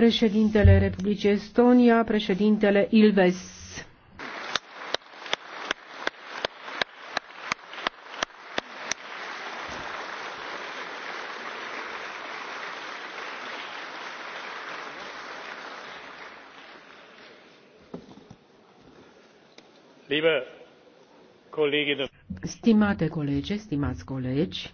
Președintele Republicii Estonia, președintele Ilves. Stimate colege, stimați colegi,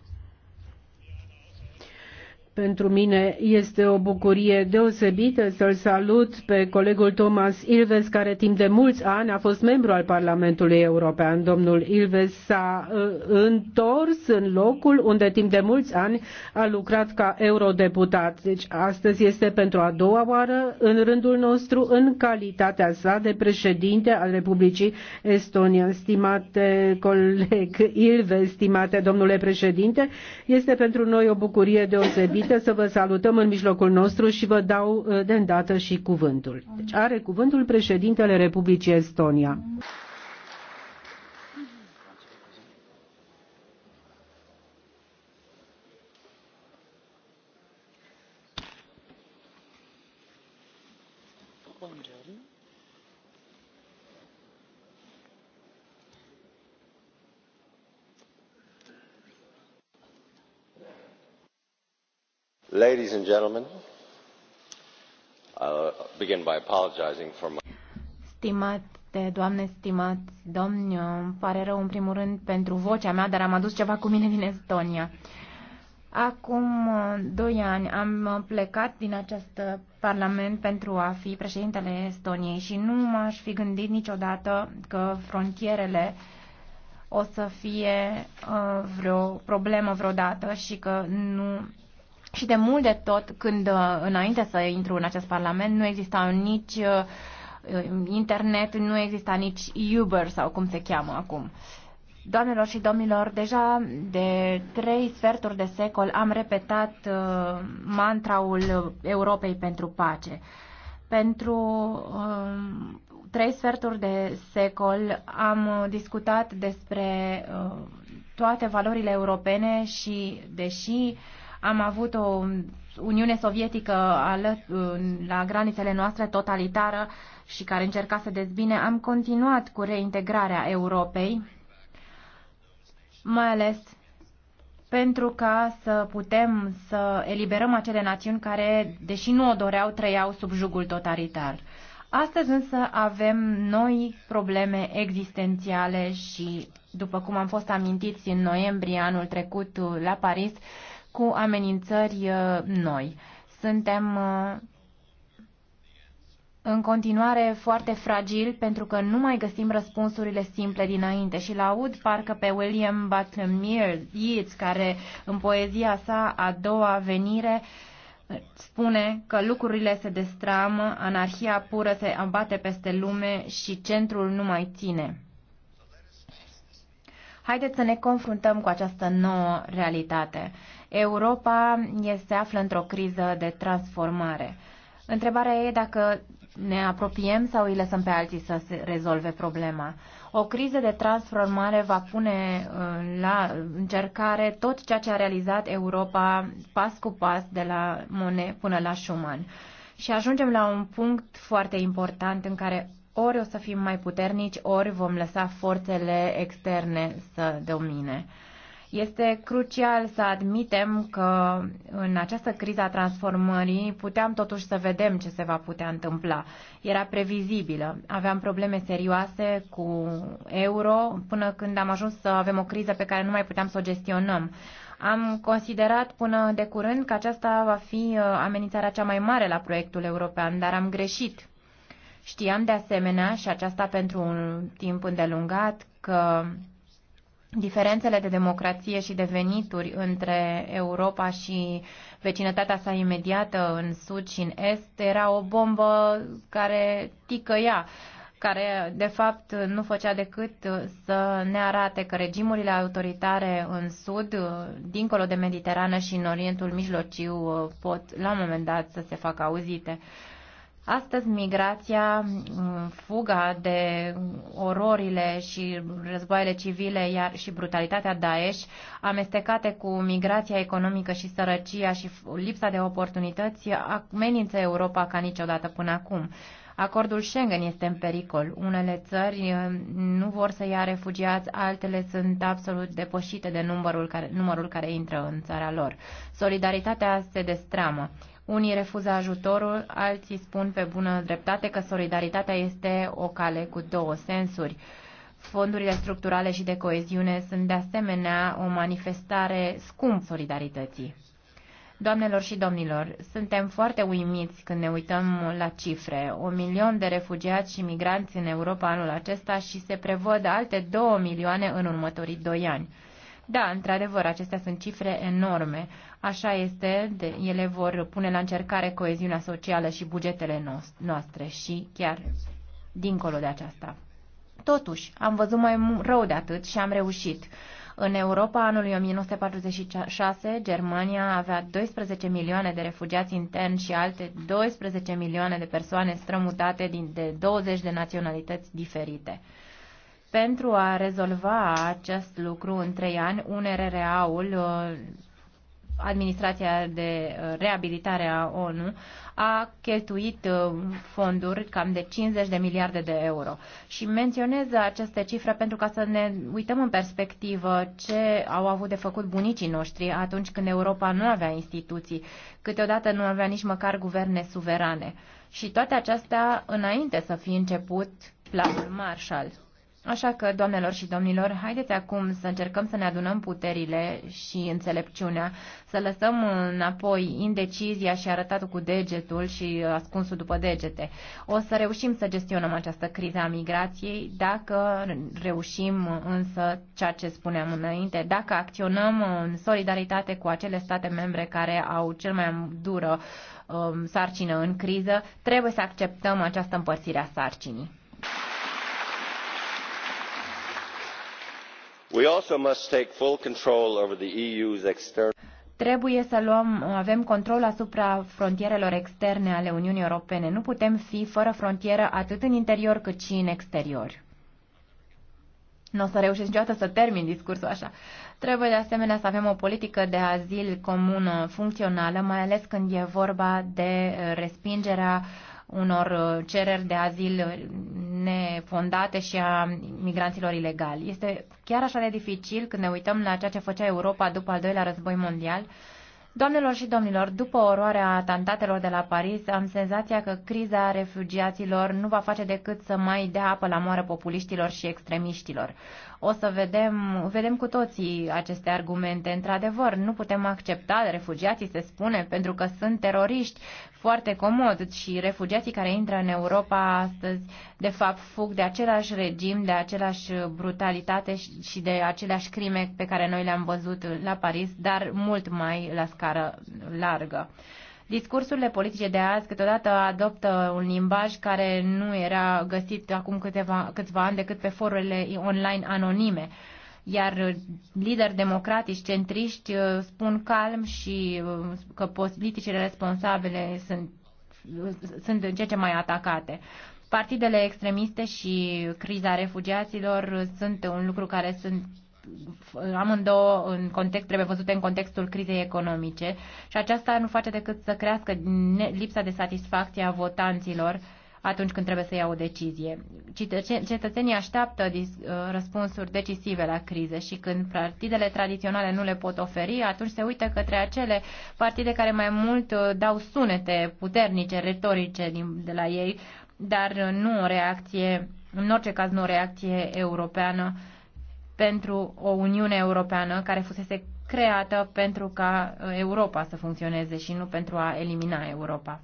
pentru mine este o bucurie deosebită să-l salut pe colegul Thomas Ilves, care timp de mulți ani a fost membru al Parlamentului European. Domnul Ilves s-a uh, întors în locul unde timp de mulți ani a lucrat ca eurodeputat. Deci astăzi este pentru a doua oară în rândul nostru în calitatea sa de președinte al Republicii Estonia. Stimate coleg Ilves, stimate domnule președinte, este pentru noi o bucurie deosebită permite să vă salutăm în mijlocul nostru și vă dau uh, de îndată și cuvântul. Deci are cuvântul președintele Republicii Estonia. Ladies and gentlemen, I'll begin by apologizing for my... Stimate doamne, stimați domni, îmi pare rău în primul rând pentru vocea mea, dar am adus ceva cu mine din Estonia. Acum uh, doi ani am plecat din acest parlament pentru a fi președintele Estoniei și nu m-aș fi gândit niciodată că frontierele o să fie uh, vreo problemă vreodată și că nu și de mult de tot, când uh, înainte să intru în acest parlament, nu exista nici uh, uh, internet, nu exista nici Uber sau cum se cheamă acum. Doamnelor și domnilor, deja de trei sferturi de secol am repetat uh, mantraul Europei pentru pace. Pentru uh, trei sferturi de secol am discutat despre uh, toate valorile europene și, deși uh, am avut o Uniune Sovietică ală, la granițele noastre totalitară și care încerca să dezbine. Am continuat cu reintegrarea Europei, mai ales pentru ca să putem să eliberăm acele națiuni care, deși nu o doreau, trăiau sub jugul totalitar. Astăzi însă avem noi probleme existențiale și, după cum am fost amintiți în noiembrie anul trecut la Paris, cu amenințări uh, noi. Suntem uh, în continuare foarte fragil pentru că nu mai găsim răspunsurile simple dinainte și la aud parcă pe William Butler Yeats, care în poezia sa A doua venire uh, spune că lucrurile se destramă, anarhia pură se abate peste lume și centrul nu mai ține. Haideți să ne confruntăm cu această nouă realitate. Europa se află într-o criză de transformare. Întrebarea e dacă ne apropiem sau îi lăsăm pe alții să se rezolve problema. O criză de transformare va pune uh, la încercare tot ceea ce a realizat Europa pas cu pas de la Monet până la Schumann. Și ajungem la un punct foarte important în care ori o să fim mai puternici, ori vom lăsa forțele externe să domine. Este crucial să admitem că în această criză a transformării puteam totuși să vedem ce se va putea întâmpla. Era previzibilă. Aveam probleme serioase cu euro până când am ajuns să avem o criză pe care nu mai puteam să o gestionăm. Am considerat până de curând că aceasta va fi uh, amenințarea cea mai mare la proiectul european, dar am greșit. Știam de asemenea, și aceasta pentru un timp îndelungat, că Diferențele de democrație și de venituri între Europa și vecinătatea sa imediată în sud și în est era o bombă care ticăia care de fapt nu făcea decât să ne arate că regimurile autoritare în sud, dincolo de Mediterană și în Orientul Mijlociu, pot la un moment dat să se facă auzite. Astăzi migrația, mm, fuga de ororile și războaiele civile iar și brutalitatea Daesh, amestecate cu migrația economică și sărăcia și lipsa de oportunități, amenință Europa ca niciodată până acum. Acordul Schengen este în pericol. Unele țări mm, nu vor să ia refugiați, altele sunt absolut depășite de numărul care, numărul care intră în țara lor. Solidaritatea se destramă. Unii refuză ajutorul, alții spun pe bună dreptate că solidaritatea este o cale cu două sensuri. Fondurile structurale și de coeziune sunt de asemenea o manifestare scump solidarității. Doamnelor și domnilor, suntem foarte uimiți când ne uităm la cifre. O milion de refugiați și migranți în Europa anul acesta și se prevăd alte două milioane în următorii doi ani. Da, într-adevăr, acestea sunt cifre enorme. Așa este, de, ele vor pune la încercare coeziunea socială și bugetele noastre și chiar dincolo de aceasta. Totuși, am văzut mai rău de atât și am reușit. În Europa anului 1946, Germania avea 12 milioane de refugiați interni și alte 12 milioane de persoane strămutate din de 20 de naționalități diferite. Pentru a rezolva acest lucru în trei ani, UNRRA-ul, uh, Administrația de uh, Reabilitare a ONU, a cheltuit uh, fonduri cam de 50 de miliarde de euro. Și menționez aceste cifre pentru ca să ne uităm în perspectivă ce au avut de făcut bunicii noștri atunci când Europa nu avea instituții, câteodată nu avea nici măcar guverne suverane. Și toate acestea înainte să fie început planul Marshall. Așa că, doamnelor și domnilor, haideți acum să încercăm să ne adunăm puterile și înțelepciunea, să lăsăm înapoi indecizia și arătatul cu degetul și ascunsul după degete. O să reușim să gestionăm această criză a migrației dacă reușim însă ceea ce spuneam înainte, dacă acționăm în solidaritate cu acele state membre care au cel mai dură um, sarcină în criză, trebuie să acceptăm această împărțire a sarcinii. We also must take full control over the EU's external Trebuie să luăm, avem control asupra frontierelor externe ale Uniunii Europene. Nu putem fi fără frontieră atât în interior cât și în exterior. Nu o să reușesc niciodată să termin discursul așa. Trebuie de asemenea să avem o politică de azil comună, funcțională, mai ales când e vorba de eh, respingerea uh, unor uh, cereri de azil uh, nefondate și a migranților ilegali. Este chiar așa de dificil când ne uităm la ceea ce făcea Europa după al doilea război mondial. Doamnelor și domnilor, după oroarea atentatelor de la Paris, am senzația că criza refugiaților nu va face decât să mai dea apă la moară populiștilor și extremiștilor. O să vedem, vedem cu toții aceste argumente. Într-adevăr, nu putem accepta refugiații, se spune, pentru că sunt teroriști foarte comod și refugiații care intră în Europa astăzi, de fapt, fug de același regim, de același brutalitate și de aceleași crime pe care noi le-am văzut la Paris, dar mult mai la scară largă. Discursurile politice de azi câteodată adoptă un limbaj care nu era găsit acum câteva, câțiva ani decât pe forurile online anonime iar lideri democratici centriști spun calm și că politicile responsabile sunt, sunt în ce ce mai atacate. Partidele extremiste și criza refugiaților sunt un lucru care sunt amândouă în context, trebuie văzute în contextul crizei economice și aceasta nu face decât să crească lipsa de satisfacție a votanților atunci când trebuie să ia o decizie. Cetățenii așteaptă uh, răspunsuri decisive la crize și când partidele tradiționale nu le pot oferi, atunci se uită către acele partide care mai mult uh, dau sunete puternice, retorice de la ei, dar nu o reacție, în orice caz nu o reacție europeană pentru o Uniune Europeană care fusese creată pentru ca uh, Europa să funcționeze și nu pentru a elimina Europa.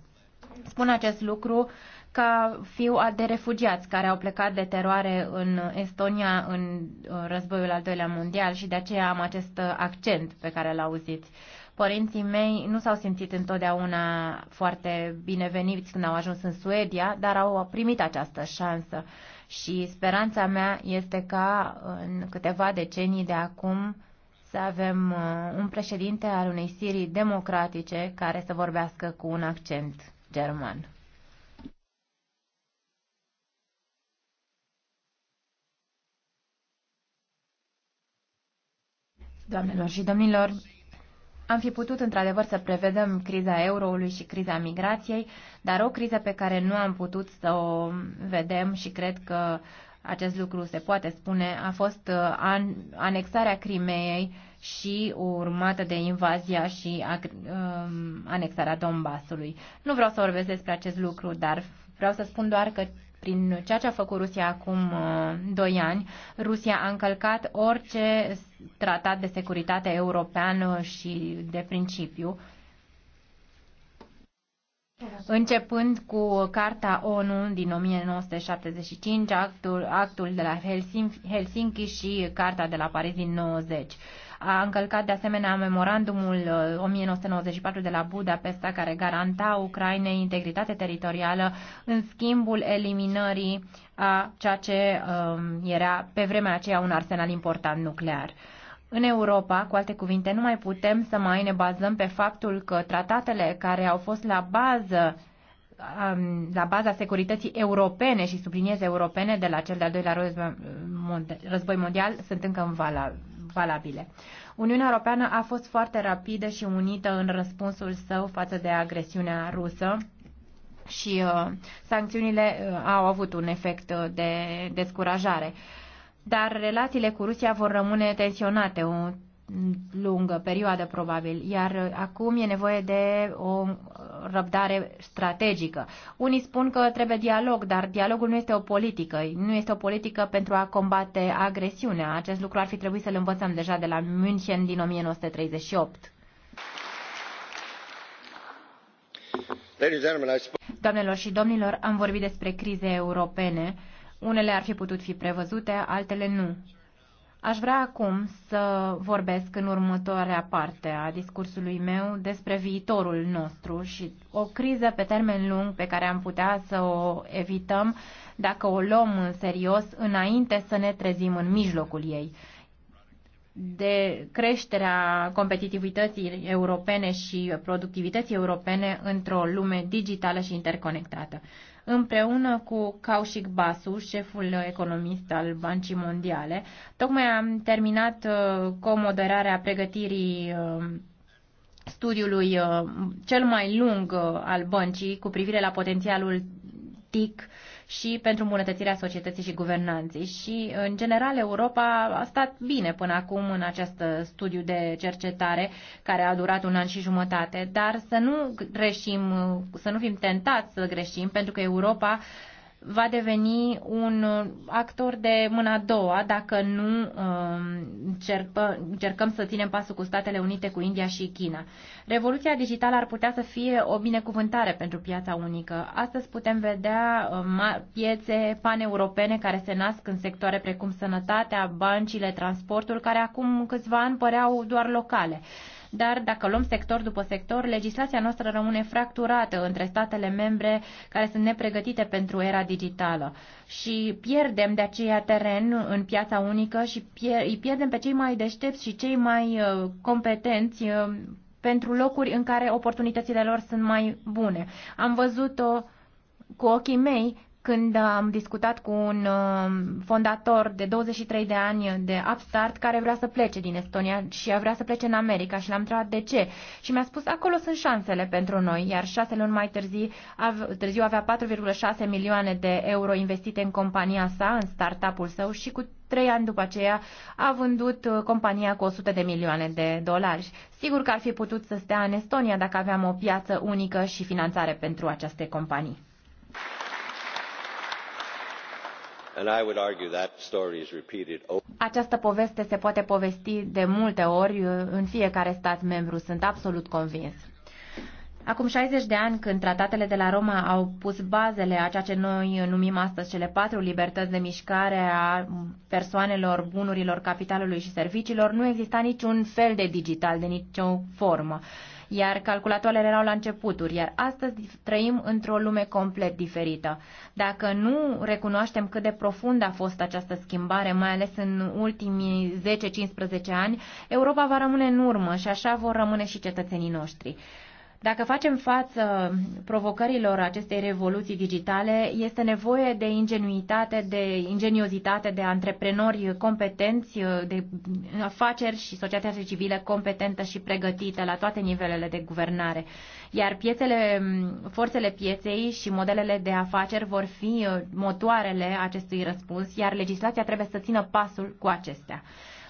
Spun acest lucru ca fiu de refugiați care au plecat de teroare în Estonia în uh, războiul al doilea mondial și de aceea am acest uh, accent pe care l auziți. Părinții mei nu s-au simțit întotdeauna foarte bineveniți când au ajuns în Suedia, dar au primit această șansă și speranța mea este ca în câteva decenii de acum să avem uh, un președinte al unei Sirii democratice care să vorbească cu un accent german. Doamnelor și domnilor, am fi putut într-adevăr să prevedem criza euroului și criza migrației, dar o criză pe care nu am putut să o vedem și cred că acest lucru se poate spune, a fost uh, an, anexarea Crimeei și urmată de invazia și um, anexarea Donbasului. Nu vreau să vorbesc despre acest lucru, dar vreau să spun doar că prin ceea ce a făcut Rusia acum uh, doi ani, Rusia a încălcat orice tratat de securitate european uh, și de principiu, Începând cu Carta ONU din 1975, actul, actul de la Helsinki, Helsinki și Carta de la Paris din 90 a încălcat de asemenea memorandumul 1994 uh, de la Budapesta care garanta Ucrainei integritate teritorială în schimbul eliminării a ceea ce um, era pe vremea aceea un arsenal important nuclear. În Europa, cu alte cuvinte, nu mai putem să mai ne bazăm pe faptul că tratatele care au fost la bază um, la baza securității europene și subliniez europene de la cel de-al doilea război uh, mondial sunt încă în, valabil valabile. Uniunea Europeană a fost foarte rapidă și unită în răspunsul său față de agresiunea rusă și uh, sancțiunile uh, au avut un efect uh, de descurajare. Dar relațiile cu Rusia vor rămâne tensionate. O lungă perioadă, probabil, iar uh, acum e nevoie de o uh, răbdare strategică. Unii spun că trebuie dialog, dar dialogul nu este o politică, nu este o politică pentru a combate agresiunea. Acest lucru ar fi trebuit să-l învățăm deja de la München din 1938. Doamnelor și domnilor, am vorbit despre crize europene. Unele ar fi putut fi prevăzute, altele nu Aș vrea acum să vorbesc în următoarea parte a discursului meu despre viitorul nostru și o criză pe termen lung pe care am putea să o evităm dacă o luăm în serios înainte să ne trezim în mijlocul ei. De creșterea competitivității europene și productivității europene într-o lume digitală și interconectată împreună cu Kaushik Basu, șeful economist al Bancii Mondiale. Tocmai am terminat uh, comoderarea pregătirii uh, studiului uh, cel mai lung al băncii cu privire la potențialul TIC și pentru îmbunătățirea societății și guvernanței. Și, în general, Europa a stat bine până acum în acest studiu de cercetare care a durat un an și jumătate, dar să nu greșim, să nu fim tentați să greșim, pentru că Europa va deveni un uh, actor de mâna a doua dacă nu um, încercăm, încercăm să ținem pasul cu Statele Unite, cu India și China. Revoluția digitală ar putea să fie o binecuvântare pentru piața unică. Astăzi putem vedea uh, piețe paneuropene care se nasc în sectoare precum sănătatea, băncile, transportul, care acum câțiva ani păreau doar locale dar dacă luăm sector după sector, legislația noastră rămâne fracturată între statele membre care sunt nepregătite pentru era digitală și pierdem de aceea teren în piața unică și îi pierdem pe cei mai deștepți și cei mai uh, competenți uh, pentru locuri în care oportunitățile lor sunt mai bune. Am văzut-o cu ochii mei când am discutat cu un um, fondator de 23 de ani de Upstart care vrea să plece din Estonia și vrea să plece în America și l-am întrebat de ce. Și mi-a spus acolo sunt șansele pentru noi, iar șase luni mai târziu, târziu avea 4,6 milioane de euro investite în compania sa, în startup-ul său și cu trei ani după aceea a vândut uh, compania cu 100 de milioane de dolari. Sigur că ar fi putut să stea în Estonia dacă aveam o piață unică și finanțare pentru aceste companii. Această poveste se poate povesti de multe ori uh, în fiecare stat membru, sunt absolut convins. Acum 60 de ani, când tratatele de la Roma au pus bazele a ceea ce noi numim astăzi cele patru libertăți de mișcare a persoanelor, bunurilor, capitalului și serviciilor, nu exista niciun fel de digital, de nicio formă iar calculatoarele erau la începuturi, iar astăzi trăim într-o lume complet diferită. Dacă nu recunoaștem cât de profundă a fost această schimbare, mai ales în ultimii 10-15 ani, Europa va rămâne în urmă și așa vor rămâne și cetățenii noștri. Dacă facem față provocărilor acestei revoluții digitale, este nevoie de ingenuitate, de ingeniozitate, de antreprenori competenți, de afaceri și societatea civilă competentă și pregătită la toate nivelele de guvernare. Iar piețele, forțele pieței și modelele de afaceri vor fi motoarele acestui răspuns, iar legislația trebuie să țină pasul cu acestea.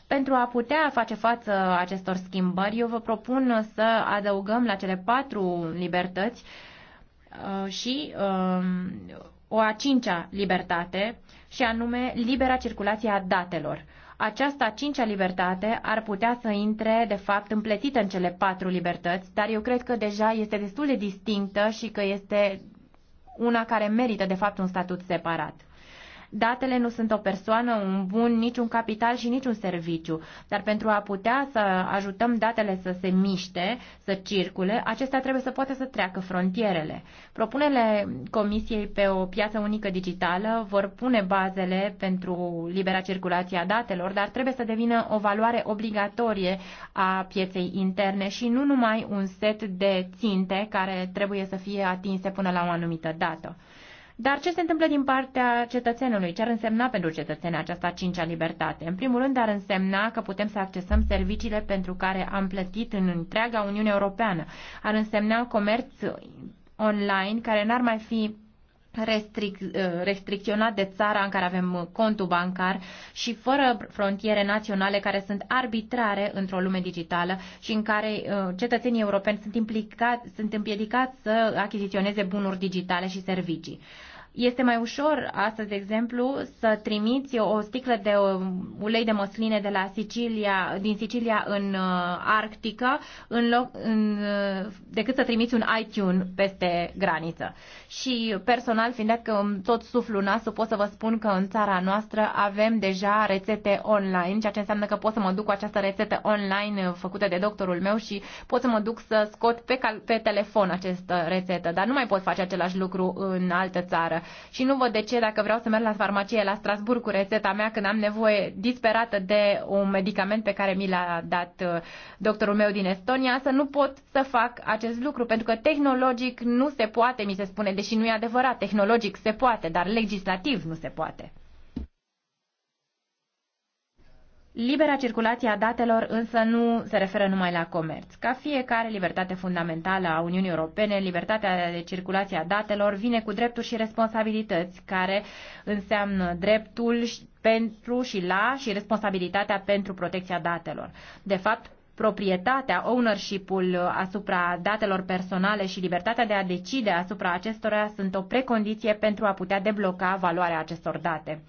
Pentru a putea face față acestor schimbări, eu vă propun să adăugăm la cele patru libertăți uh, și um, o a cincea libertate, și anume libera circulație a datelor. Aceasta a cincea libertate ar putea să intre, de fapt, împletită în cele patru libertăți, dar eu cred că deja este destul de distinctă și că este una care merită, de fapt, un statut separat. Datele nu sunt o persoană, un bun, niciun capital și niciun serviciu. Dar pentru a putea să ajutăm datele să se miște, să circule, acestea trebuie să poată să treacă frontierele. Propunerile Comisiei pe o piață unică digitală vor pune bazele pentru libera circulație a datelor, dar trebuie să devină o valoare obligatorie a pieței interne și nu numai un set de ținte care trebuie să fie atinse până la o anumită dată. Dar ce se întâmplă din partea cetățenului? Ce ar însemna pentru cetățeni aceasta cincea libertate? În primul rând ar însemna că putem să accesăm serviciile pentru care am plătit în întreaga Uniune Europeană. Ar însemna comerț online care n-ar mai fi restric, restricționat de țara în care avem contul bancar și fără frontiere naționale care sunt arbitrare într-o lume digitală și în care uh, cetățenii europeni sunt, implicați, sunt împiedicați să achiziționeze bunuri digitale și servicii. Este mai ușor astăzi, de exemplu, să trimiți o sticlă de um, ulei de măsline de la Sicilia, din Sicilia în uh, Arctică în loc, în, uh, decât să trimiți un iTunes peste graniță. Și personal, fiind dat că tot suflu nasul, pot să vă spun că în țara noastră avem deja rețete online, ceea ce înseamnă că pot să mă duc cu această rețetă online uh, făcută de doctorul meu și pot să mă duc să scot pe, cal- pe telefon această rețetă, dar nu mai pot face același lucru în altă țară și nu văd de ce dacă vreau să merg la farmacie la Strasburg cu rețeta mea când am nevoie disperată de un medicament pe care mi l-a dat uh, doctorul meu din Estonia, să nu pot să fac acest lucru, pentru că tehnologic nu se poate, mi se spune, deși nu e adevărat, tehnologic se poate, dar legislativ nu se poate. Libera circulație a datelor însă nu se referă numai la comerț. Ca fiecare libertate fundamentală a Uniunii Europene, libertatea de circulație a datelor vine cu drepturi și responsabilități, care înseamnă dreptul pentru și la și responsabilitatea pentru protecția datelor. De fapt, proprietatea, ownership-ul asupra datelor personale și libertatea de a decide asupra acestora sunt o precondiție pentru a putea debloca valoarea acestor date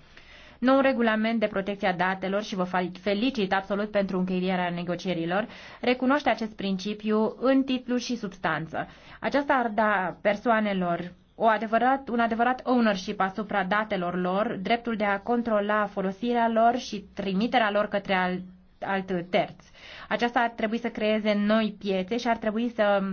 nou regulament de protecție a datelor și vă felicit absolut pentru încheierea negocierilor, recunoaște acest principiu în titlu și substanță. Aceasta ar da persoanelor o adevărat, un adevărat ownership asupra datelor lor, dreptul de a controla folosirea lor și trimiterea lor către alt, alt terț. Aceasta ar trebui să creeze noi piețe și ar trebui să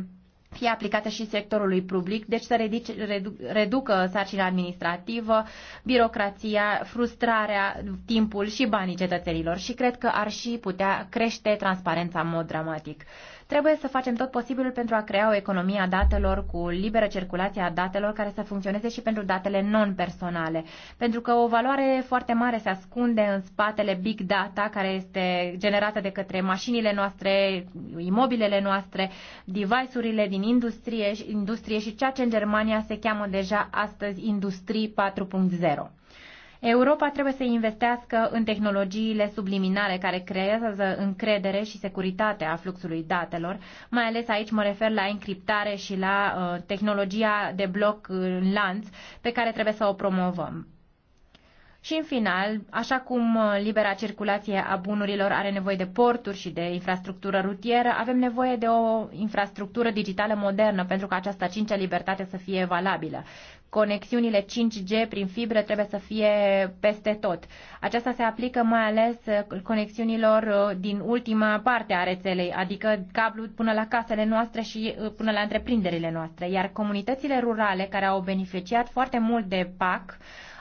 fie aplicată și sectorului public, deci să reduc, reducă sarcina administrativă, birocrația, frustrarea, timpul și banii cetățenilor și cred că ar și putea crește transparența în mod dramatic. Trebuie să facem tot posibilul pentru a crea o economie a datelor cu liberă circulație a datelor care să funcționeze și pentru datele non-personale, pentru că o valoare foarte mare se ascunde în spatele big data care este generată de către mașinile noastre, imobilele noastre, device-urile din industrie, industrie și ceea ce în Germania se cheamă deja astăzi Industrie 4.0. Europa trebuie să investească în tehnologiile subliminare care creează încredere și securitate a fluxului datelor, mai ales aici mă refer la încriptare și la uh, tehnologia de bloc uh, în lanț pe care trebuie să o promovăm. Și în final, așa cum uh, libera circulație a bunurilor are nevoie de porturi și de infrastructură rutieră, avem nevoie de o infrastructură digitală modernă pentru ca această cincea libertate să fie valabilă. Conexiunile 5G prin fibre trebuie să fie peste tot. Aceasta se aplică mai ales uh, conexiunilor uh, din ultima parte a rețelei, adică cablu până la casele noastre și până la întreprinderile noastre. Iar comunitățile rurale care au beneficiat foarte mult de PAC,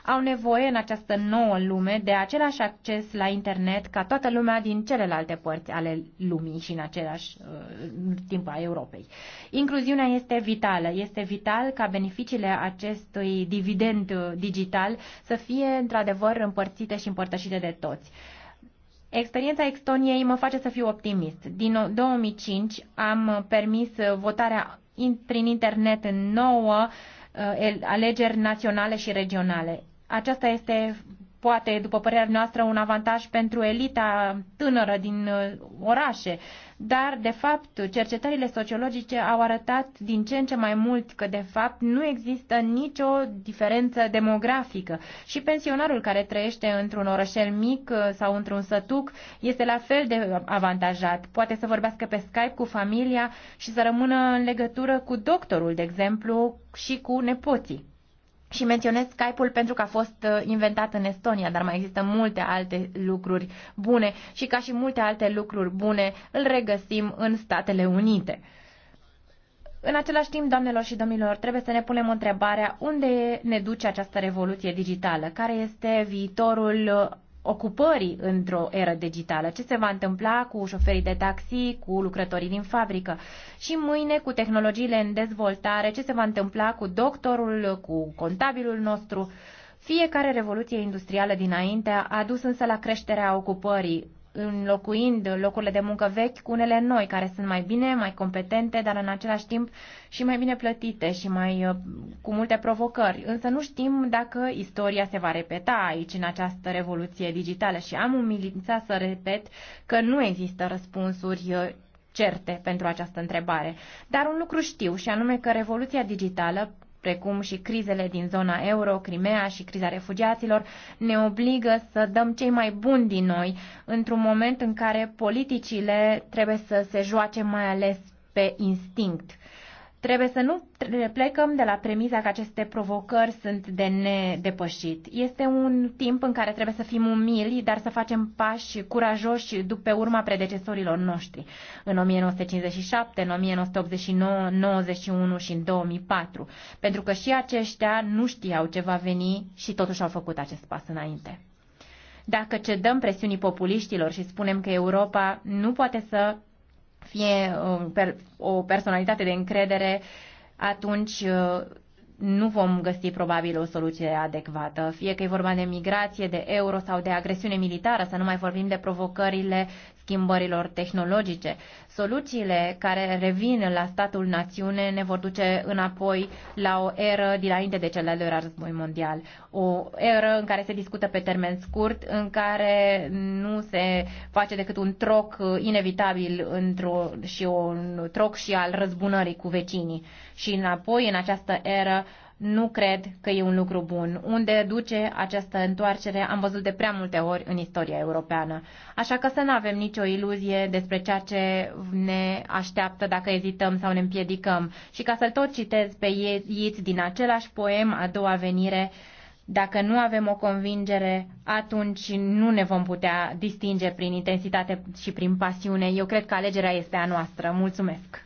au nevoie în această nouă lume de același acces la internet ca toată lumea din celelalte părți ale lumii și în același uh, timp a Europei. Incluziunea este vitală. Este vital ca beneficiile acestui dividend uh, digital să fie într-adevăr împărțite și împărtășite de toți. Experiența Estoniei mă face să fiu optimist. Din 2005 am permis uh, votarea prin internet în nouă uh, alegeri naționale și regionale. Aceasta este, poate, după părerea noastră, un avantaj pentru elita tânără din uh, orașe, dar, de fapt, cercetările sociologice au arătat din ce în ce mai mult că, de fapt, nu există nicio diferență demografică și pensionarul care trăiește într-un orășel mic uh, sau într-un sătuc este la fel de avantajat. Poate să vorbească pe Skype cu familia și să rămână în legătură cu doctorul, de exemplu, și cu nepoții și menționez Skype-ul pentru că a fost uh, inventat în Estonia, dar mai există multe alte lucruri bune și ca și multe alte lucruri bune îl regăsim în Statele Unite. În același timp, doamnelor și domnilor, trebuie să ne punem întrebarea unde ne duce această revoluție digitală, care este viitorul uh, ocupării într-o eră digitală, ce se va întâmpla cu șoferii de taxi, cu lucrătorii din fabrică și mâine cu tehnologiile în dezvoltare, ce se va întâmpla cu doctorul, cu contabilul nostru. Fiecare revoluție industrială dinainte a dus însă la creșterea ocupării înlocuind locurile de muncă vechi cu unele noi, care sunt mai bine, mai competente, dar în același timp și mai bine plătite și mai uh, cu multe provocări. Însă nu știm dacă istoria se va repeta aici, în această revoluție digitală și am umilința să repet că nu există răspunsuri uh, certe pentru această întrebare. Dar un lucru știu și anume că revoluția digitală precum și crizele din zona euro, Crimea și criza refugiaților, ne obligă să dăm cei mai buni din noi într-un moment în care politicile trebuie să se joace mai ales pe instinct. Trebuie să nu plecăm de la premiza că aceste provocări sunt de nedepășit. Este un timp în care trebuie să fim umili, dar să facem pași curajoși după urma predecesorilor noștri. În 1957, în 1989, 91 și în 2004. Pentru că și aceștia nu știau ce va veni și totuși au făcut acest pas înainte. Dacă cedăm presiunii populiștilor și spunem că Europa nu poate să fie um, o personalitate de încredere, atunci uh, nu vom găsi probabil o soluție adecvată, fie că e vorba de migrație, de euro sau de agresiune militară, să nu mai vorbim de provocările schimbărilor tehnologice. Soluțiile care revin la statul națiune ne vor duce înapoi la o eră dinainte de cel de-al doilea război mondial. O eră în care se discută pe termen scurt, în care nu se face decât un troc inevitabil într-o, și un troc și al răzbunării cu vecinii. Și înapoi, în această eră, nu cred că e un lucru bun. Unde duce această întoarcere am văzut de prea multe ori în istoria europeană. Așa că să nu avem nicio iluzie despre ceea ce ne așteaptă dacă ezităm sau ne împiedicăm. Și ca să-l tot citez pe Yeats din același poem, A doua venire, dacă nu avem o convingere, atunci nu ne vom putea distinge prin intensitate și prin pasiune. Eu cred că alegerea este a noastră. Mulțumesc!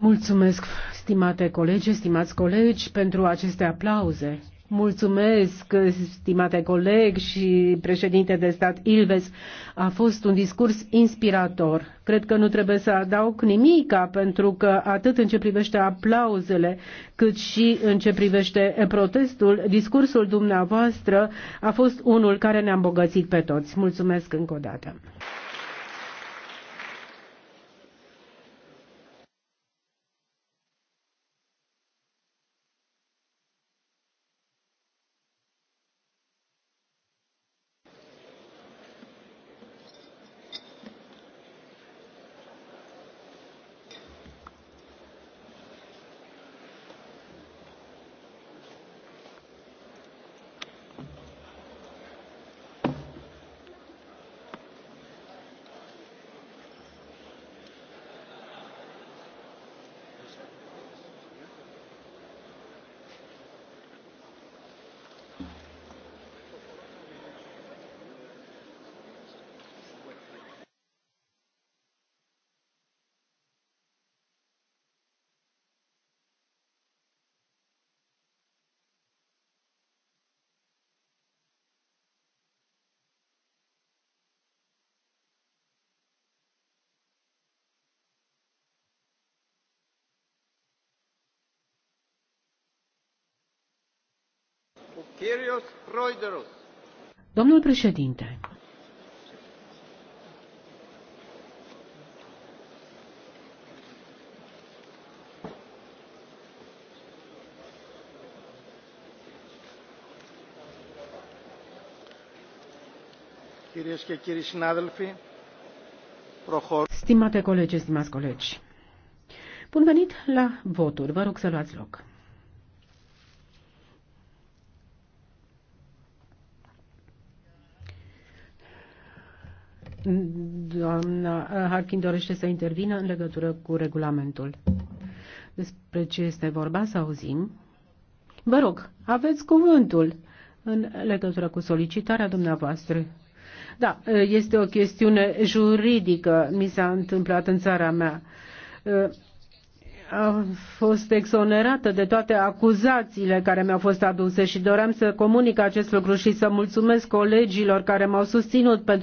Mulțumesc, stimate colegi, stimați colegi, pentru aceste aplauze. Mulțumesc, stimate coleg și președinte de stat Ilves. A fost un discurs inspirator. Cred că nu trebuie să adaug nimica, pentru că atât în ce privește aplauzele, cât și în ce privește protestul, discursul dumneavoastră a fost unul care ne-a îmbogățit pe toți. Mulțumesc încă o dată. Domnul președinte, Stimate colegi, stimați colegi, bun venit la voturi. Vă rog să luați loc. Doamna uh, Harkin dorește să intervină în legătură cu regulamentul. Despre ce este vorba să auzim? Vă rog, aveți cuvântul în legătură cu solicitarea dumneavoastră. Da, uh, este o chestiune juridică. Mi s-a întâmplat în țara mea uh, a fost exonerată de toate acuzațiile care mi-au fost aduse și doream să comunic acest lucru și să mulțumesc colegilor care m-au susținut pentru